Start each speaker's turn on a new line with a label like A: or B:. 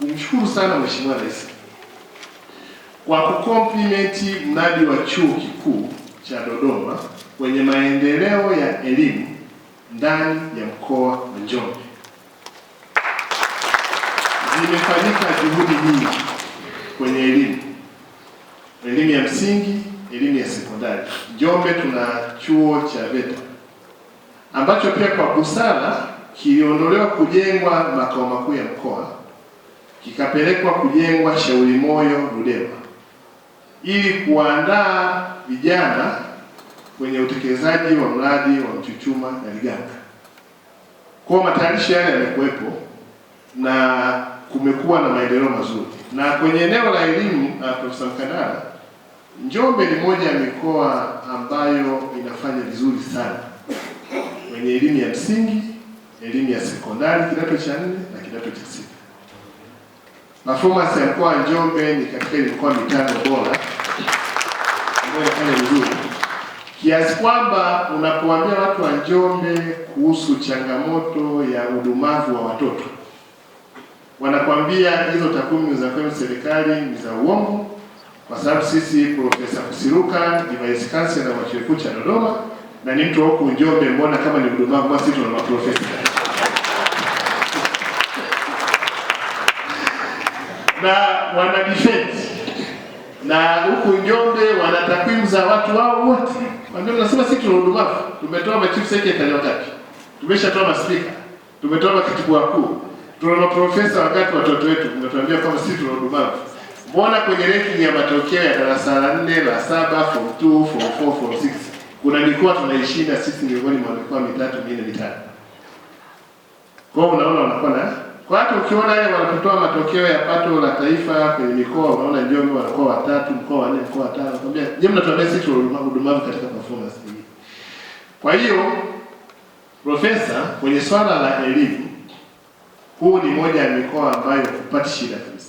A: Nimshukuru sana Mheshimiwa Rais kwa kukomplimenti mradi wa Chuo Kikuu cha Dodoma kwenye maendeleo ya elimu ndani ya mkoa wa Njombe. Zimefanyika juhudi nyingi kwenye elimu, elimu ya msingi, elimu ya sekondari. Njombe tuna chuo cha VETA ambacho pia kwa busara kiliondolewa kujengwa makao makuu ya mkoa kikapelekwa kujengwa Shauri Moyo Ludewa ili kuandaa vijana kwenye utekelezaji wa mradi wa Mchuchuma na Liganga. Kwa matayarisho yale yamekuwepo na kumekuwa na maendeleo mazuri. Na kwenye eneo la elimu, Profesa mkandara Njombe ni moja ya mikoa ambayo inafanya vizuri sana kwenye elimu ya msingi, elimu ya sekondari kidato cha nne na kidato cha sita. Performance ya mkoa wa Njombe ni katika ile mikoa mitano bora ambayo inafanya vizuri kiasi kwamba unapowaambia watu wa Njombe kuhusu changamoto ya udumavu wa watoto wanakwambia hizo takwimu za kwenye serikali ni za uongo, kwa sababu sisi Profesa Kusiruka ni vice chancellor wa chuo kikuu cha Dodoma na ni mtu wa huku Njombe, mbona kama ni udumavu, basi tuna maprofesa na wana defense na huku Njombe wana takwimu za watu wao wote. Nasema sisi tuna udumavu, tumetoa machief secretary wakati, tumeshatoa maspika, tumetoa makatibu wakuu, tuna maprofesa wakati. Watoto wetu mnatuambia kama sisi tuna udumavu. Mbona kwenye ranking ya matokeo ya darasa la 4 la 7 form 2 form 4 form 6 kuna mikoa tunaishinda sisi miongoni mwa mikoa mitatu mingine mitano. Kwa hiyo unaona wanakuwa na kwa hiyo ukiona yale wanapotoa matokeo ya pato la taifa kwenye mikoa, unaona Njombe wanakuwa watatu, mkoa wa nne, mkoa wa tano, nakwambia je, mnatuambia sisi tunadumavu katika performance hii? Kwa hiyo profesa, kwenye swala la elimu, huu ni moja ya mikoa ambayo hupati shida kabisa.